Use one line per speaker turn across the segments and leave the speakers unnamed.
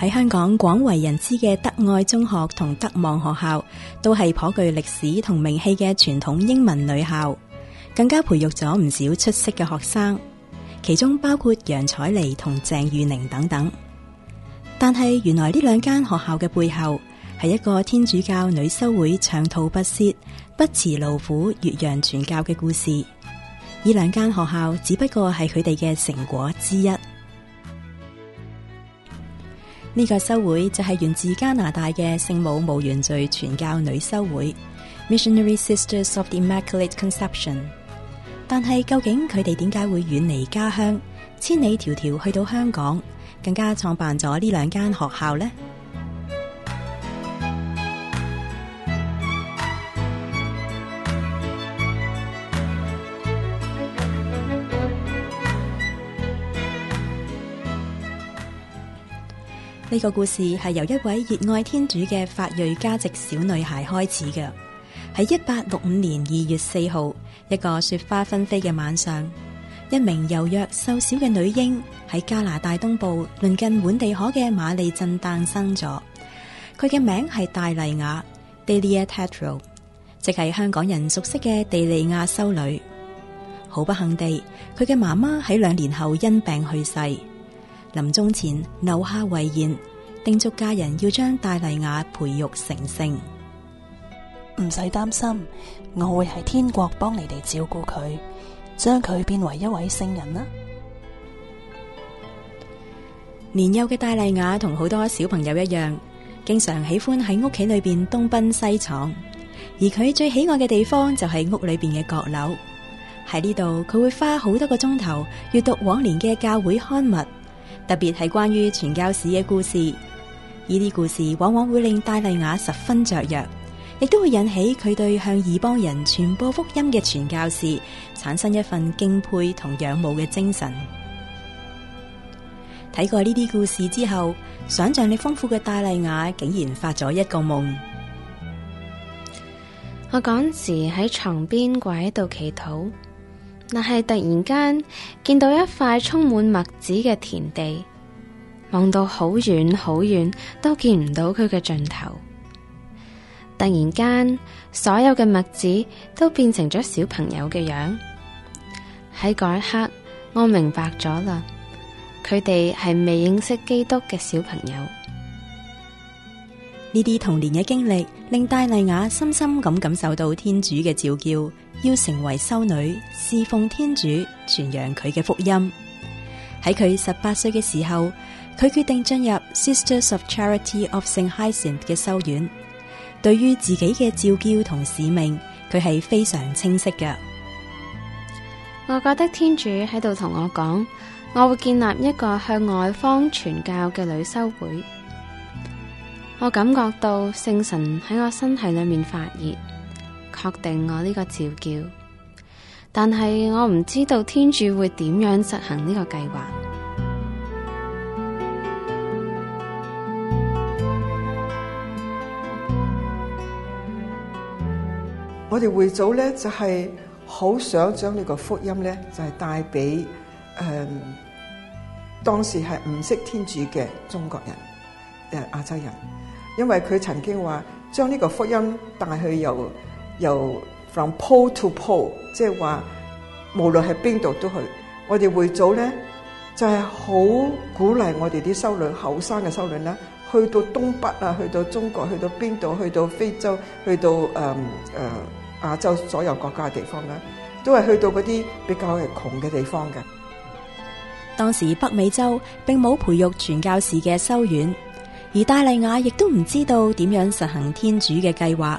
喺香港廣為人知嘅德愛中學同德望學校，都係頗具歷史同名氣嘅傳統英文女校，更加培育咗唔少出色嘅學生，其中包括楊采妮同鄭裕玲等等。但係原來呢兩間學校嘅背後，係一個天主教女修會長途不歇、不辭勞苦、越洋傳教嘅故事。呢兩間學校只不過係佢哋嘅成果之一。呢、這個修會就係源自加拿大嘅聖母無原罪傳教女修會 （Missionary Sisters of the Immaculate Conception）。但係究竟佢哋點解會遠離家鄉，千里迢迢去到香港，更加創辦咗呢兩間學校呢？呢個故事係由一位熱愛天主嘅法裔家籍小女孩開始嘅。喺一八六五年二月四號，一個雪花紛飛嘅晚上，一名柔弱瘦小嘅女嬰喺加拿大東部鄰近滿地可嘅瑪利鎮誕生咗。佢嘅名係戴麗亞 d e l i a Tatro），即係香港人熟悉嘅地利亞修女。好不幸地，佢嘅媽媽喺兩年後因病去世。臨終前留下遺言，叮囑家人要將戴麗雅培育成聖。唔使擔心，我會喺天國幫你哋照顧佢，將佢變為一位聖人啦。年幼嘅戴麗雅同好多小朋友一樣，經常喜歡喺屋企裏邊東奔西闖，而佢最喜愛嘅地方就係屋裏邊嘅閣樓。喺呢度佢會花好多個鐘頭閱讀往年嘅教會刊物。特別係關於傳教士嘅故事，呢啲故事往往會令戴麗雅十分雀躍，亦都會引起佢對向異邦人傳播福音嘅傳教士產生一份敬佩同仰慕嘅精神。睇過呢啲故事之後，想象力豐富嘅戴麗雅竟然發咗一個夢。我嗰時喺床邊跪喺度祈禱。但係突然間見到一塊充滿麥子嘅田地，望到好遠好遠都見唔到佢嘅盡頭。突然間，所有嘅麥子都變成咗小朋友嘅樣。喺嗰一刻，我明白咗啦，佢哋係未認識基督嘅小朋友。呢啲童年嘅經歷，令戴麗雅深深咁感受到天主嘅召叫。要成為修女，侍奉天主，傳揚佢嘅福音。喺佢十八歲嘅時候，佢決定進入 Sisters of Charity of St. Hyacinth 嘅修院。對於自己嘅召叫同使命，佢係非常清晰嘅。我覺得天主喺度同我講，我會建立一個向外方傳教嘅女修會。我感覺到聖神喺我身體裏面發熱。確定我呢個召叫，但係我唔知道天主會點樣實行呢個計劃。
我哋會組咧就係好想將呢個福音咧就係帶俾誒、嗯、當時係唔識天主嘅中國人、亞洲人，因為佢曾經話將呢個福音帶去由。由 from pole to pole 即係話，無論係邊度都去，我哋會組咧就係、是，好鼓勵我哋啲修女、後生嘅修女咧，去到東北啊，去到中國，去到邊度，去到非洲，去到誒誒、呃呃、亞洲所有國家嘅地方咧，都係去到嗰啲比較係窮嘅地方嘅。當時北美洲並冇培育傳教士嘅修院，
而大利亞亦都唔知道點樣實行天主嘅計劃。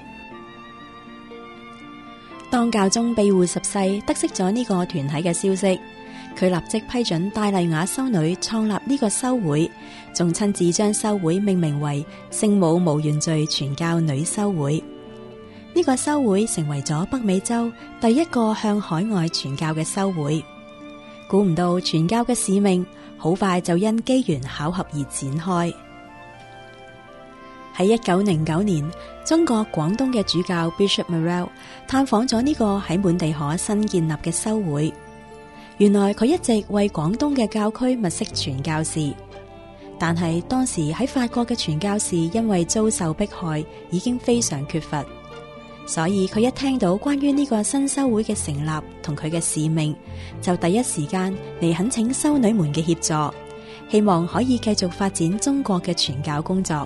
當教宗庇護十世得悉咗呢個團體嘅消息，佢立即批准戴麗雅修女創立呢個修會，仲親自將修會命名為聖母無原罪傳教女修會。呢、這個修會成為咗北美洲第一個向海外傳教嘅修會。估唔到傳教嘅使命好快就因機緣巧合而展開。喺一九零九年，中國廣東嘅主教 Bishop Morel 探訪咗呢個喺滿地可新建立嘅修會。原來佢一直為廣東嘅教區物色傳教士，但係當時喺法國嘅傳教士因為遭受迫害，已經非常缺乏，所以佢一聽到關於呢個新修會嘅成立同佢嘅使命，就第一時間嚟懇請修女們嘅協助，希望可以繼續發展中國嘅傳教工作。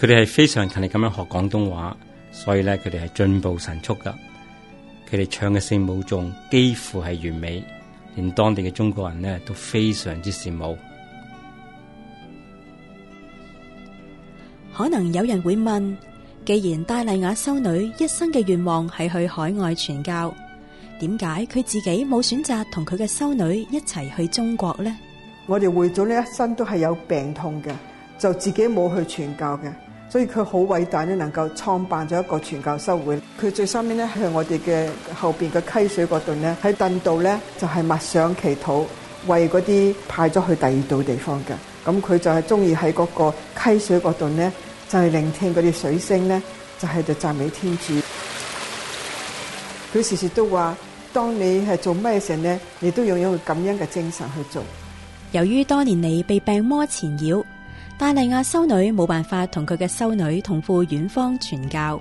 佢哋係非常勤力咁樣學
廣東話，所以呢佢哋係進步神速噶。佢哋唱嘅聖母頌幾乎係完美，連當地嘅中國人呢都非常之羨慕。可能有人會問：既然戴麗雅修女一生嘅願望係去海外傳教，點解
佢自己冇選擇同佢嘅修女一齊去中國呢？我哋會祖呢一生都係有病痛嘅，就自己冇去傳教嘅。所以佢好偉大咧，能夠創辦咗一個傳教修會。佢最身面咧向我哋嘅後邊嘅溪水嗰度咧，喺凳度咧就係默想祈禱，為嗰啲派咗去第二度地方嘅。咁佢就係中意喺嗰個溪水嗰度咧，就係、是、聆聽嗰啲水聲咧，就係就讚美天主。佢時時都話：當你係做咩嘢時咧，你都擁有咁樣嘅精神去做。由於多年嚟
被病魔纏繞。戴麗亞修女冇辦法同佢嘅修女同赴遠方傳教，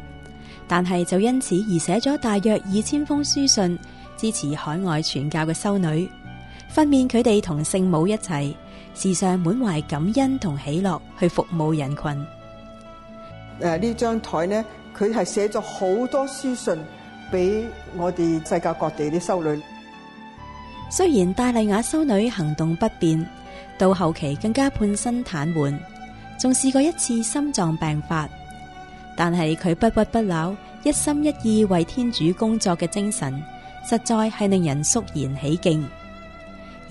但係就因此而寫咗大約二千封書信，支持海外傳教嘅修女，訓勉佢哋同聖母一齊，時常
滿懷感恩同喜樂去服務人群。誒，呢張台呢，佢係寫咗好多書信俾我哋世界各地啲修女。
雖然戴麗亞修女行動不便。到後期更加半身癱瘓，仲試過一次心臟病發，但係佢不屈不撓，一心一意為天主工作嘅精神，實在係令人肅然起敬。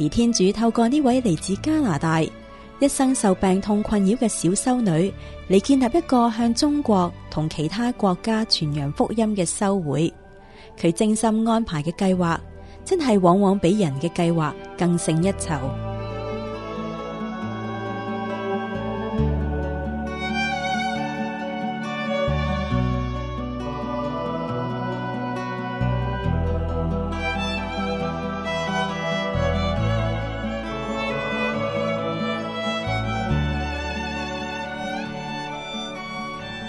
而天主透過呢位嚟自加拿大，一生受病痛困擾嘅小修女嚟建立一個向中國同其他國家傳揚福音嘅修會，佢精心安排嘅計劃真係往往比人嘅計劃更勝一籌。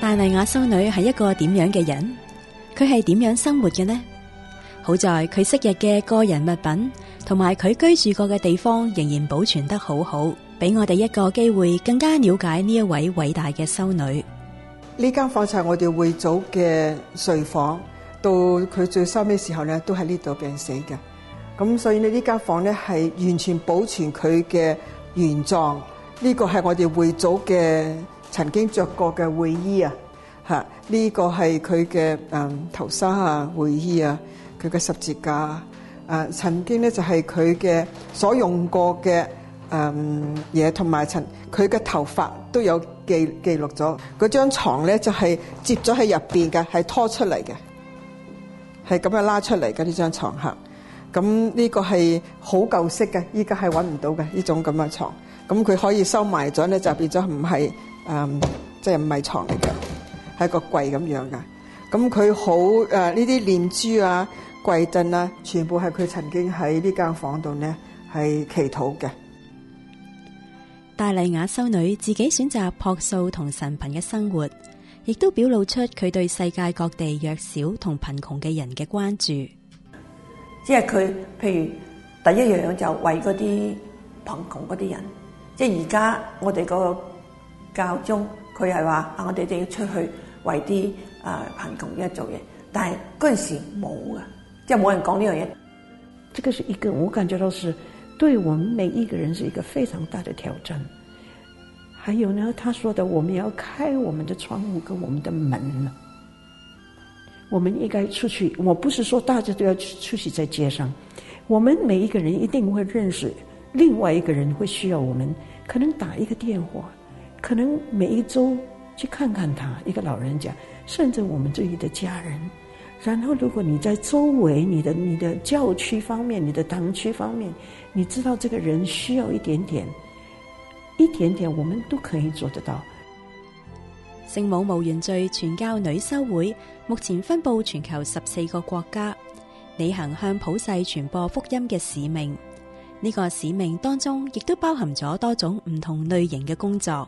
艾麗雅修女係一個點樣嘅人？佢係點樣生活嘅呢？好在佢昔日嘅個人物品同埋佢居住過嘅地方仍然保存得好好，俾我哋一個機會更加了解呢一位偉大嘅修女。
呢間房就係我哋會組嘅睡房，到佢最收尾時候咧都喺呢度病死嘅。咁所以呢呢間房咧係完全保存佢嘅原狀。呢個係我哋會組嘅，曾經着過嘅會衣啊，嚇！呢個係佢嘅誒頭紗啊，會衣啊，佢嘅十字架啊，曾經咧就係佢嘅所用過嘅誒嘢，同埋陳佢嘅頭髮都有記記錄咗。嗰張牀咧就係接咗喺入邊嘅，係拖出嚟嘅，係咁樣拉出嚟嘅呢張床嚇。咁呢個係好舊式嘅，依家係揾唔到嘅呢種咁嘅床。咁佢可以收埋咗咧，就變咗唔係。誒、嗯，即係唔係床嚟嘅，係個櫃咁樣噶。咁佢好誒，呢啲念珠啊、跪凳呀，全部係佢曾經喺呢間房度呢係祈禱嘅。
戴麗雅修女自己選擇樸素同神貧嘅生活，亦都表露出佢對世界各地弱小同貧窮嘅人嘅關注。
即係佢，譬如第一樣就為嗰啲貧窮嗰啲人，即係而家我哋、嗰個。教宗佢係話啊，我哋就要出去為啲啊、呃、貧窮嘅做嘢，但係嗰陣時冇啊，即係冇人講呢樣嘢。
這個是一個我感覺到是對我們每一個人是一個非常大的挑戰。還有呢，他說的我們要開我們的窗戶跟我們的門，我們應該出去。我不是說大家都要去出去在街上，我們每一個人一定會認識另外一個人會需要我們，可能打一個電話。可能每一周去看看他一個老人家，甚至我們自己的家人。然後如果你在周圍，你的你的教區方面，你的堂區方面，你知道這個人需要一點點，一點點，我們都可以做得到。
聖母無原罪傳教女修會目前分佈全球十四個國家，履行向普世傳播福音嘅使命。呢個使命當中亦都包含咗多種唔
同類型嘅工作。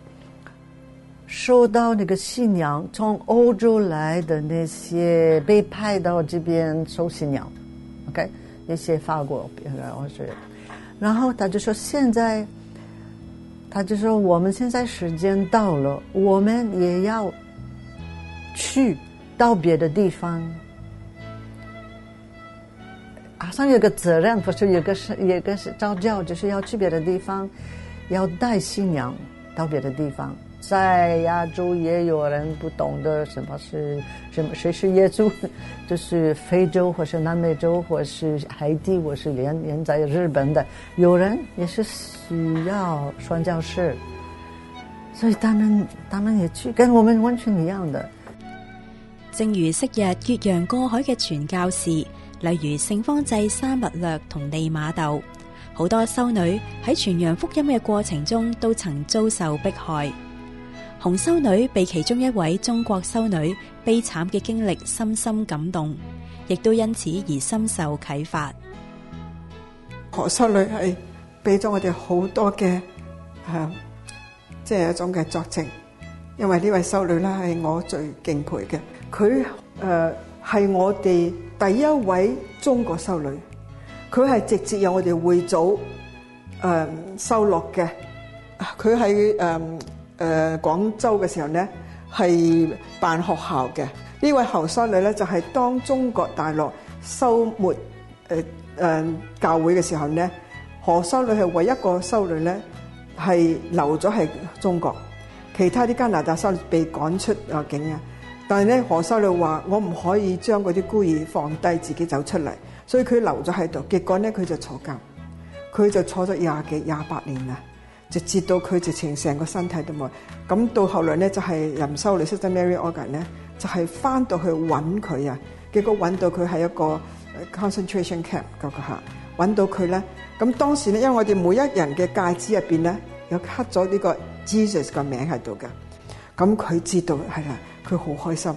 收到那個新娘從歐洲來的那些被派到這邊收新娘，OK？那些法國，然後是，然後他就說現在，他就說我們現在時間到了，我們也要去到別的地方，好像有一個責任，不是有一個是，有一個是召叫，就是要去別的地方，要帶新娘到別的地方。在亞洲也有人不懂得什麼是什麼，誰是耶穌，就是非洲或是南美洲或是海地或是連連在日本的，有人也是需要傳教士，所以他們他們也去跟
我們完全一樣的。正如昔日越洋過海嘅傳教士，例如聖方濟沙勿略同利瑪竇，好多修女喺傳揚福音嘅過程中都曾遭受迫害。紅修女被其中一位中國修女悲慘嘅經歷深深感動，亦都
因此而深受啟發。何修女係俾咗我哋好多嘅誒，即係一種嘅作證，因為呢位修女咧係我最敬佩嘅，佢誒係我哋第一位中國修女，佢係直接由我哋會組誒收落嘅，佢係誒。誒、呃、廣州嘅時候咧，係辦學校嘅呢位何修女咧，就係、是、當中國大陸收沒誒誒教會嘅時候咧，何修女係唯一一個修女咧係留咗喺中國，其他啲加拿大修女被趕出外境啊，但係咧何修女話：我唔可以將嗰啲孤兒放低，自己走出嚟，所以佢留咗喺度。結果咧，佢就坐監，佢就坐咗廿幾廿八年啦。就接到佢直情成個身體都冇，咁到後來咧就係任修女 Sister Mary Organ 咧，就係翻到去揾佢啊，結果揾到佢係一個 concentration camp 嗰個嚇，揾到佢咧，咁當時咧，因為我哋每一人嘅戒指入邊咧有刻咗呢個 Jesus 個名喺度嘅，咁佢知道係啦，佢好開心。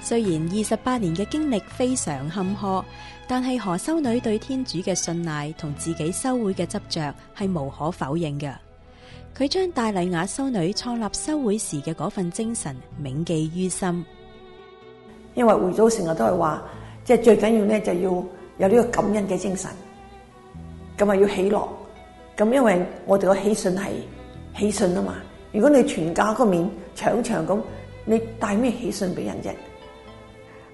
雖然二十八年嘅經歷非常坎坷。但係何修女對天主嘅信賴同自己修會嘅執着係無可否認嘅。佢將大麗雅修女創立修會時嘅嗰份精神銘記於心。因為會祖成日都係話，即係最緊要咧就要有呢個感恩嘅精神。咁啊要
喜樂，咁因為我哋嘅喜訊係喜訊啊嘛。如果你全家
嗰面搶搶咁，你帶咩喜訊俾人啫？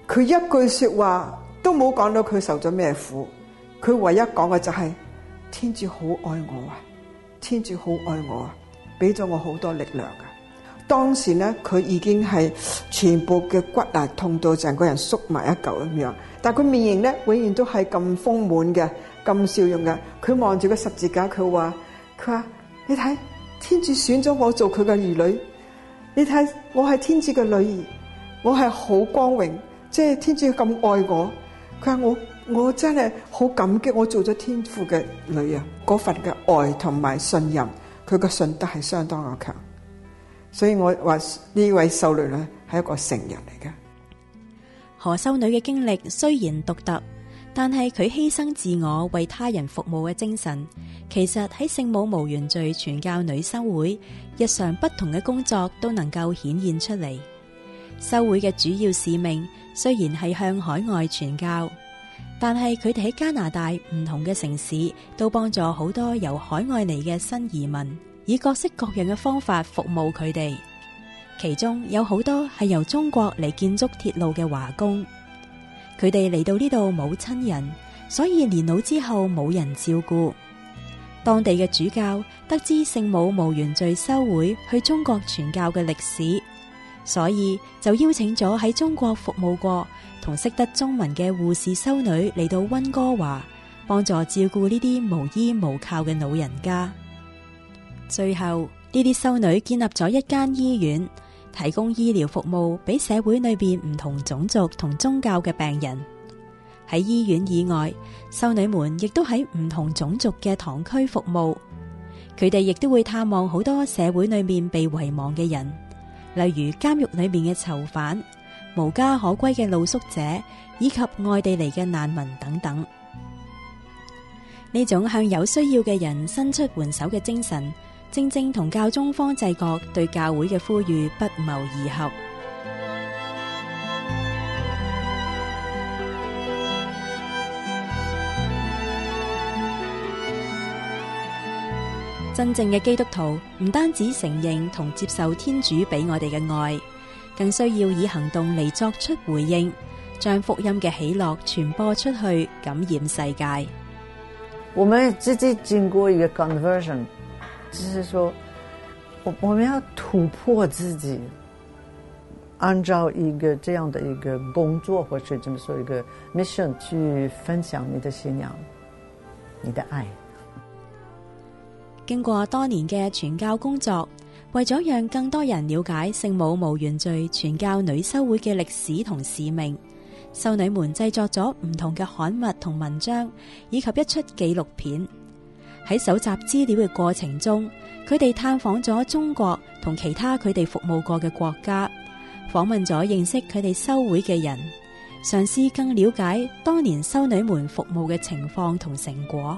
佢一句說話。都冇講到佢受咗咩苦，佢唯一講嘅就係天主好愛我啊，天主好愛我啊，俾咗我好多力量嘅。當時咧，佢已經係全部嘅骨啊痛到成個人縮埋一嚿咁樣，但係佢面型咧永遠都係咁豐滿嘅，咁笑容嘅。佢望住個十字架，佢話，佢話，你睇，天主選咗我做佢嘅兒女，你睇我係天主嘅女兒，我係好光榮，即係天主咁愛我。佢話我我真係好感激我做咗天父嘅女啊！嗰份嘅愛同埋信任，佢嘅信德係相當嘅強。所以我話呢位修女呢，係一個成人嚟嘅。何修女
嘅經歷雖然獨特，但係佢犧牲自我為他人服務嘅精神，其實喺聖母無原罪傳教女修會日常不同嘅工作都能夠顯現出嚟。修會嘅主要使命雖然係向海外傳教，但係佢哋喺加拿大唔同嘅城市都幫助好多由海外嚟嘅新移民，以各式各樣嘅方法服務佢哋。其中有好多係由中國嚟建築鐵路嘅華工，佢哋嚟到呢度冇親人，所以年老之後冇人照顧。當地嘅主教得知聖母無原罪修會去中國傳教嘅歷史。所以就邀請咗喺中國服務過同識得中文嘅護士修女嚟到温哥華，幫助照顧呢啲無依無靠嘅老人家。最後呢啲修女建立咗一間醫院，提供醫療服務俾社會裏邊唔同種族同宗教嘅病人。喺醫院以外，修女們亦都喺唔同種族嘅堂區服務，佢哋亦都會探望好多社會裏面被遺忘嘅人。例如監獄裏面嘅囚犯，無家可歸嘅露宿者，以及外地嚟嘅難民等等，呢種向有需要嘅人伸出援手嘅精神，正正同教宗方濟各對教會嘅呼籲不謀而合。真正嘅基督徒唔單止承認同接受天主俾我哋嘅愛，更需要以行動嚟作出回應，將福音嘅喜樂傳播出去，感染世界。我們自己經過一個 conversion，就是說我
我們要突破自己，按照一個這樣的一個工作，或者怎麼
說一個 mission 去分享你的信仰，你的愛。經過多年嘅傳教工作，為咗讓更多人了解聖母無原罪傳教女修會嘅歷史同使命，修女們製作咗唔同嘅刊物同文章，以及一出紀錄片。喺搜集資料嘅過程中，佢哋探訪咗中國同其他佢哋服務過嘅國家，訪問咗認識佢哋修會嘅人，嘗試更了解當年修女們服務嘅情況同成果。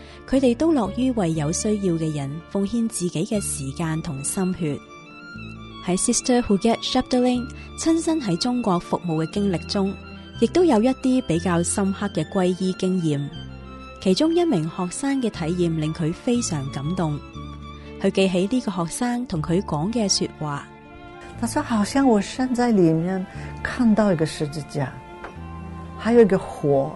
佢哋都樂於為有需要嘅人奉獻自己嘅時間同心血。喺 Sister Huget Shapduling 親身喺中國服務嘅經歷中，亦都有一啲比較深刻嘅皈依經驗。其中一名學生嘅體驗令佢非常感動。佢記起呢個學生同佢講嘅說話，他說：好像我身在裏面看到一個十字架，
還有一個火。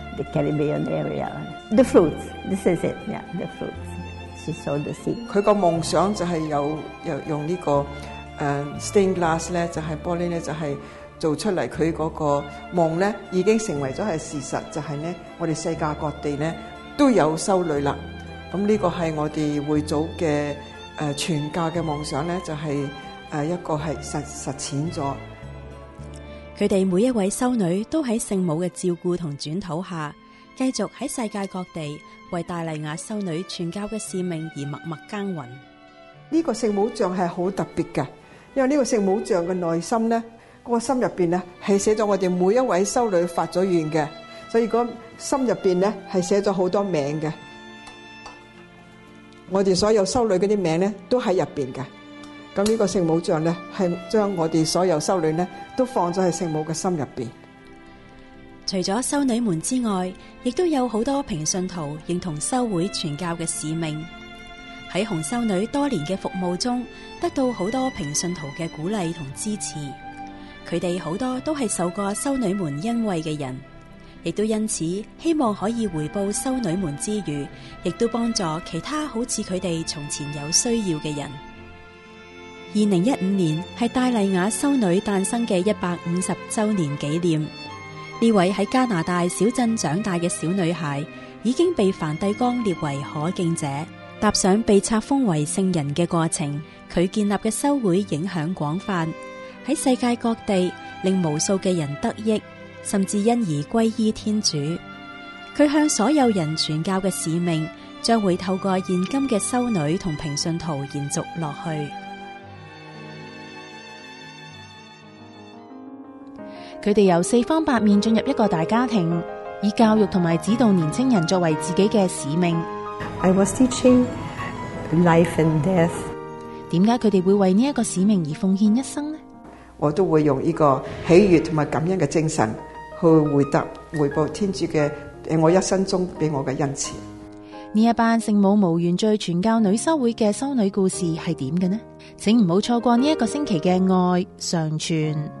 The Caribbean area，the fruits，this is it，yeah, the fruits，she
sow the seed。佢個夢想就係有有用呢、這個誒、uh, stained glass 咧，就係玻璃咧，就係做出嚟。佢嗰個夢咧已經成為咗係事實，就係、是、咧我哋世界各地咧都有修女啦。咁、um, 呢個係我哋會組嘅誒、uh, 傳教嘅夢想咧，就係、是、誒、uh, 一個係實實踐咗。佢哋每一位修女都喺
聖母嘅照顧同轉禱下，繼續喺世界各地為大利亞修女傳教嘅使命而默默耕耘。
呢個聖母像係好特別㗎，因為呢個聖母像嘅內心呢，個心入邊呢係寫咗我哋每一位修女發咗願嘅，所以個心入邊呢係寫咗好多名嘅，我哋所有修女嗰啲名呢都喺入邊嘅。咁呢個聖母像呢，係將我哋所有修女呢，都放咗喺聖母嘅心入邊。
除咗修女們之外，亦都有好多平信徒認同修會傳教嘅使命。喺紅修女多年嘅服務中，得到好多平信徒嘅鼓勵同支持。佢哋好多都係受過修女們恩惠嘅人，亦都因此希望可以回報修女們之餘，亦都幫助其他好似佢哋從前有需要嘅人。二零一五年係戴麗雅修女誕生嘅一百五十周年紀念。呢位喺加拿大小鎮長大嘅小女孩，已經被梵蒂岡列為可敬者，踏上被冊封為聖人嘅過程。佢建立嘅修會影響廣泛，喺世界各地令無數嘅人得益，甚至因而歸依天主。佢向所有人傳教嘅使命，將會透過現今嘅修女同平信徒延續落去。佢哋由四方八面進入一個大家庭，以教育同埋指導年青人作為自己嘅使命。I was teaching life and death。點解佢哋會為呢一個使命
而奉獻一生呢？我都會用呢個喜悅同埋感恩嘅精神去回答回報天主嘅，誒，我一生中俾我嘅恩賜。
呢一班聖母無原罪傳教女修會嘅修女故事係點嘅呢？請唔好錯過呢一個星期嘅愛常傳。常傳